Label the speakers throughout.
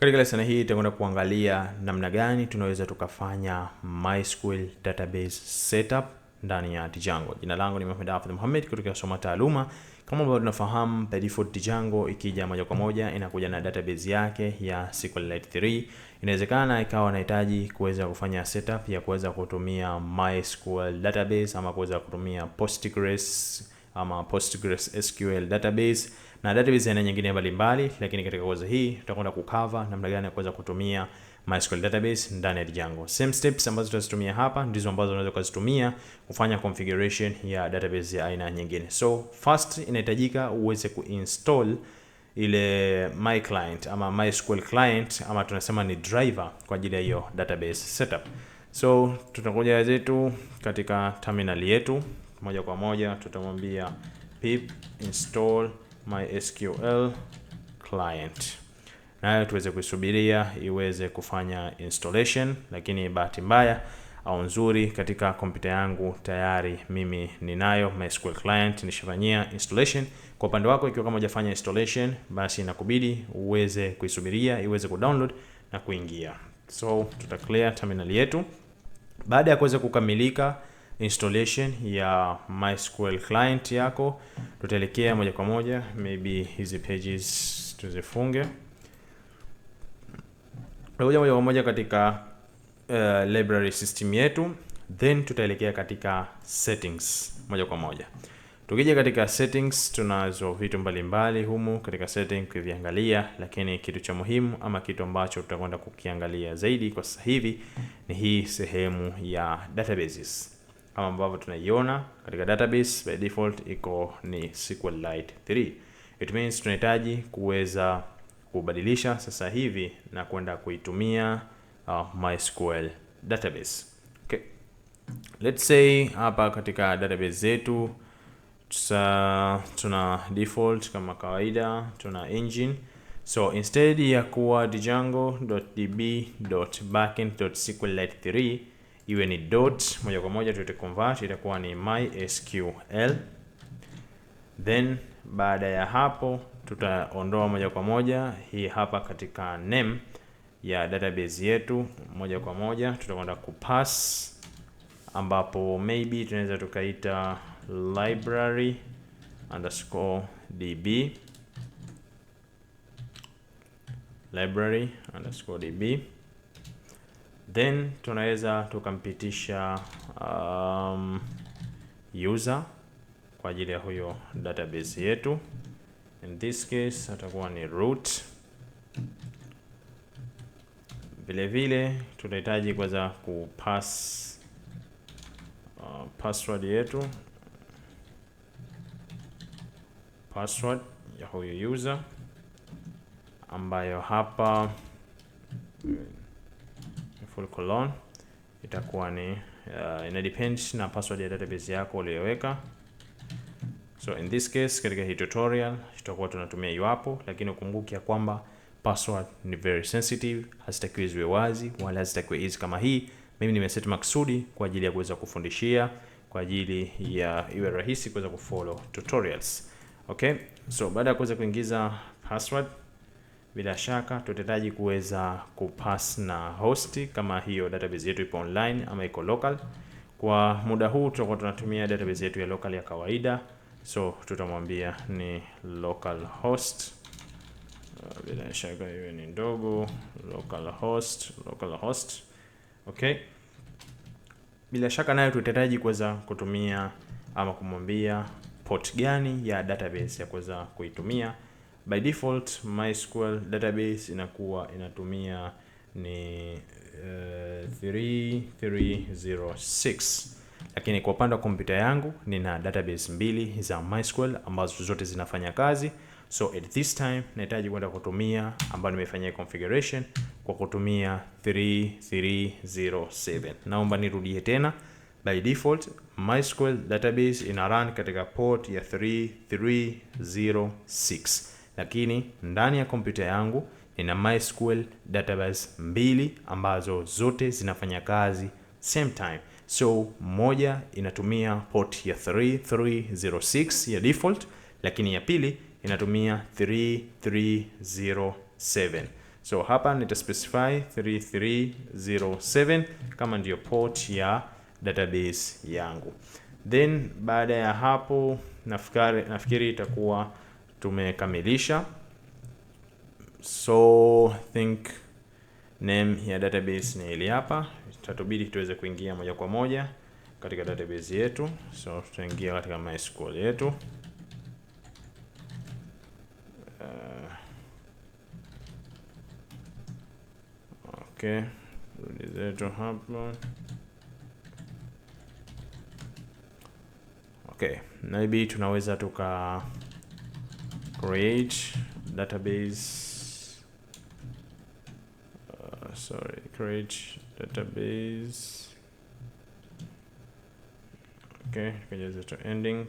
Speaker 1: Katika lesson hii tutakwenda kuangalia namna gani tunaweza tukafanya MySQL database setup ndani ya Django. Jina langu ni Mohamed Hafidh Mohamed kutoka Soma Taaluma. Kama ambavyo tunafahamu, by default Django ikija moja kwa moja inakuja na database yake ya SQLite 3. Inawezekana ikawa nahitaji kuweza kufanya setup ya kuweza kutumia MySQL database ama kuweza kutumia Postgres ama Postgres SQL database na database aina nyingine mbalimbali, lakini katika kozi hii tutakwenda kukava namna gani ya kuweza kutumia MySQL database ndani ya Django. Same steps ambazo tutazitumia hapa ndizo ambazo unaweza kuzitumia kufanya configuration ya database ya aina nyingine. So first inahitajika uweze kuinstall ile my client ama MySQL client ama tunasema ni driver kwa ajili ya hiyo database setup. So tutakuja zetu katika terminal yetu moja kwa moja, tutamwambia pip install MySQL client, nayo tuweze kuisubiria iweze kufanya installation, lakini bahati mbaya au nzuri, katika kompyuta yangu tayari mimi ninayo MySQL client, nishafanyia installation. Kwa upande wako, ikiwa kama hujafanya installation, basi inakubidi uweze kuisubiria iweze kudownload na kuingia. So tuta clear terminal yetu baada ya kuweza kukamilika installation ya MySQL client yako. Tutaelekea moja kwa moja, maybe hizi pages tuzifunge. Tutakuja moja kwa moja katika uh, library system yetu, then tutaelekea katika settings moja kwa moja. Tukija katika settings, tunazo vitu mbalimbali humu katika setting kuviangalia, lakini kitu cha muhimu ama kitu ambacho tutakwenda kukiangalia zaidi kwa sasa hivi ni hii sehemu ya databases kama ambavyo tunaiona katika database by default iko ni SQLite 3. It means tunahitaji kuweza kubadilisha sasa hivi na kwenda kuitumia uh, MySQL database. Okay. Let's say hapa katika database zetu tuna, tuna default kama kawaida tuna engine. So instead ya kuwa django.db.backend.sqlite3 iwe ni dot moja kwa moja tuite convert, itakuwa ni MySQL. Then baada ya hapo tutaondoa moja kwa moja hii hapa katika name ya database yetu, moja kwa moja tutakwenda kupass, ambapo maybe tunaweza tukaita library underscore db library underscore db then tunaweza tukampitisha um, user kwa ajili ya huyo database yetu. In this case atakuwa ni root. Vile vile tunahitaji kwanza kupass uh, password yetu, password ya huyo user ambayo hapa full colon itakuwa ni uh, ina depend na password ya database yako uliyoweka. So in this case, katika hii tutorial tutakuwa tunatumia iwapo, lakini ukumbuke ya kwamba password ni very sensitive, hazitakiwi ziwe wazi wala hazitakiwi hizi kama hii. Mimi nimeset maksudi kwa ajili ya kuweza kufundishia, kwa ajili ya iwe rahisi kuweza kufollow tutorials. Okay, so baada ya kuweza kuingiza password bila shaka tutahitaji kuweza kupass na host kama hiyo database yetu ipo online ama iko local. Kwa muda huu tutakuwa tunatumia database yetu ya local ya kawaida, so tutamwambia ni local host. Uh, bila shaka iwe ni ndogo, local host, local host. Okay, bila shaka nayo tutahitaji kuweza kutumia ama kumwambia port gani ya database ya kuweza kuitumia by default MySQL database inakuwa inatumia ni uh, eh, 3306 lakini kwa upande wa kompyuta yangu nina database mbili za MySQL ambazo zote zinafanya kazi. So at this time nahitaji kwenda kutumia ambayo nimefanyia configuration kwa kutumia 3307. Naomba nirudie tena, by default MySQL database ina run katika port ya 3306 lakini ndani ya kompyuta yangu nina MySQL database mbili ambazo zote zinafanya kazi same time. So moja inatumia port ya 3306 ya default, lakini ya pili inatumia 3307. So hapa nita specify 3307 kama ndiyo port ya database yangu, then baada ya hapo nafikiri itakuwa tumekamilisha. So think name ya database ni ili hapa, tatubidi tuweze kuingia moja kwa moja katika database yetu. So tutaingia katika MySQL yetu uh, okay, rudi zetu hapa. Okay, maybe tunaweza tuka create database uh, sorry create database okay tukajaza to ending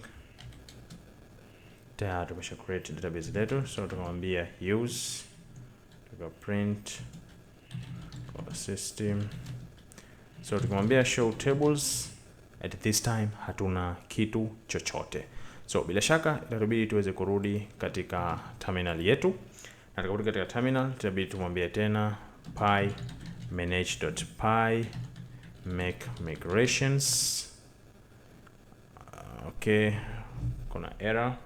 Speaker 1: tayari tumesha create database letu so tukamwambia use tuka print system so tukimwambia show tables at this time hatuna kitu chochote So bila shaka itabidi tuweze kurudi katika terminal yetu, na tukarudi katika terminal, itabidi tumwambie tena pi manage.py make migrations. Okay, kuna error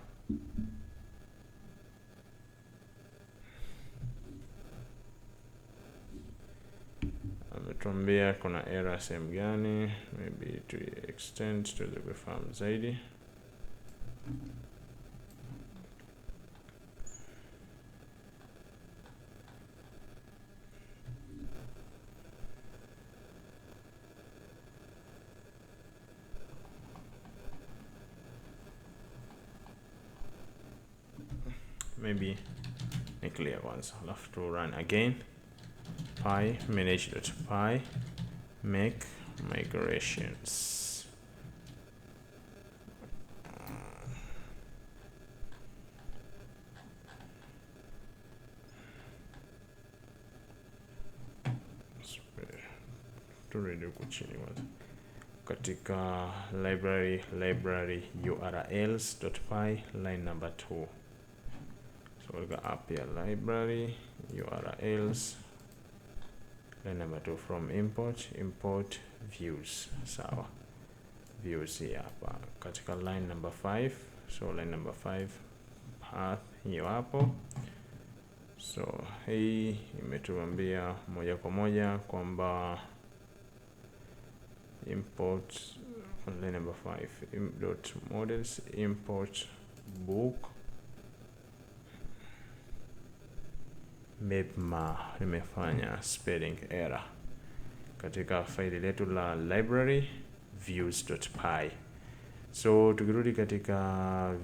Speaker 1: ametuambia kuna error sehemu gani, maybe to extend tuweze kufahamu zaidi. maybe a clear ones I'll have to run again pi Pi make migrations turudi huku chini kwanza katika library library urls.py line number 2 so katika app ya library urls line number 2 from import import views sawa views hii hapa katika line number 5 so line number 5 path hiyo hapo so hii imetuambia moja kwa moja kwamba import only number five Im dot models import book mapma limefanya spelling error katika faili letu la library views.py. So tukirudi katika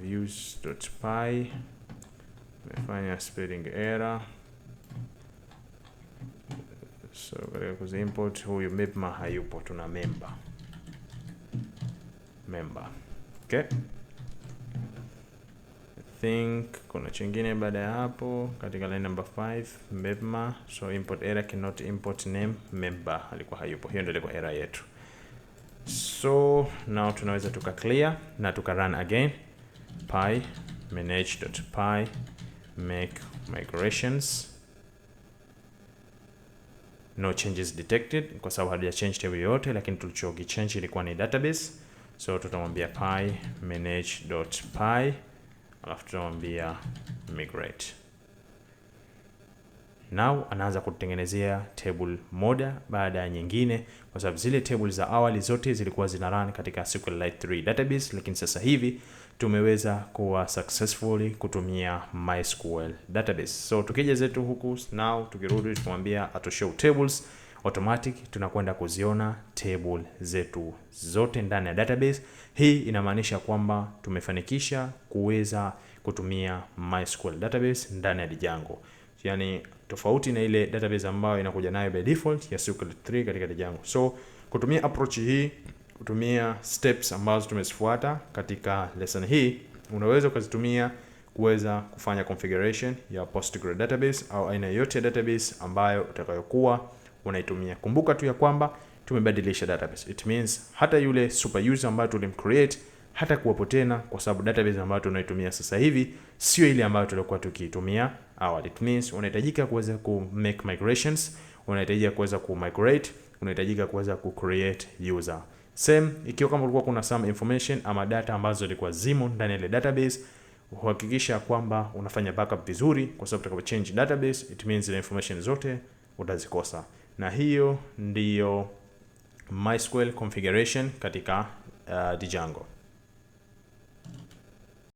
Speaker 1: views.py, mefanya spelling error so katika eh, kuzi import huyu mipma hayupo, tuna member member. Okay, I think kuna chingine baada ya hapo katika line number 5 mipma, so import error cannot import name member, alikuwa hayupo. Hiyo ndio ilikuwa error yetu. So now tunaweza tuka clear na tuka run again py manage.py make migrations no changes detected kwa sababu hatuja change table yoyote, lakini change ilikuwa ni database. So tutamwambia py manage.py alafu tutamwambia migrate now anaanza kutengenezea table moja baada ya nyingine, kwa sababu zile table za awali zote zilikuwa zina run katika SQLite 3 database, lakini sasa hivi tumeweza kuwa successfully kutumia MySQL database. So tukija zetu huku now, tukirudi tumwambia auto show tables automatic tunakwenda kuziona table zetu zote ndani ya database. Hii inamaanisha kwamba tumefanikisha kuweza kutumia MySQL database ndani ya Django yani tofauti na ile database ambayo inakuja nayo by default ya SQL 3 katika Django. So kutumia approach hii, kutumia steps ambazo tumezifuata katika lesson hii, unaweza ukazitumia kuweza kufanya configuration ya PostgreSQL database au aina yoyote ya database ambayo utakayokuwa unaitumia. Kumbuka tu ya kwamba tumebadilisha database. It means hata yule super user ambayo tulimcreate hata kuwepo tena, kwa sababu database ambayo tunaitumia sasa hivi sio ile ambayo tulikuwa tukiitumia awali. It means unahitajika kuweza ku make migrations, unahitajika kuweza ku migrate, unahitajika kuweza ku create user. Same ikiwa kama ulikuwa kuna some information ama data ambazo zilikuwa zimo ndani ya ile database uhakikisha kwamba unafanya backup vizuri, kwa sababu utakapo change database it means the information zote utazikosa. Na hiyo ndiyo MySQL configuration katika uh, Django.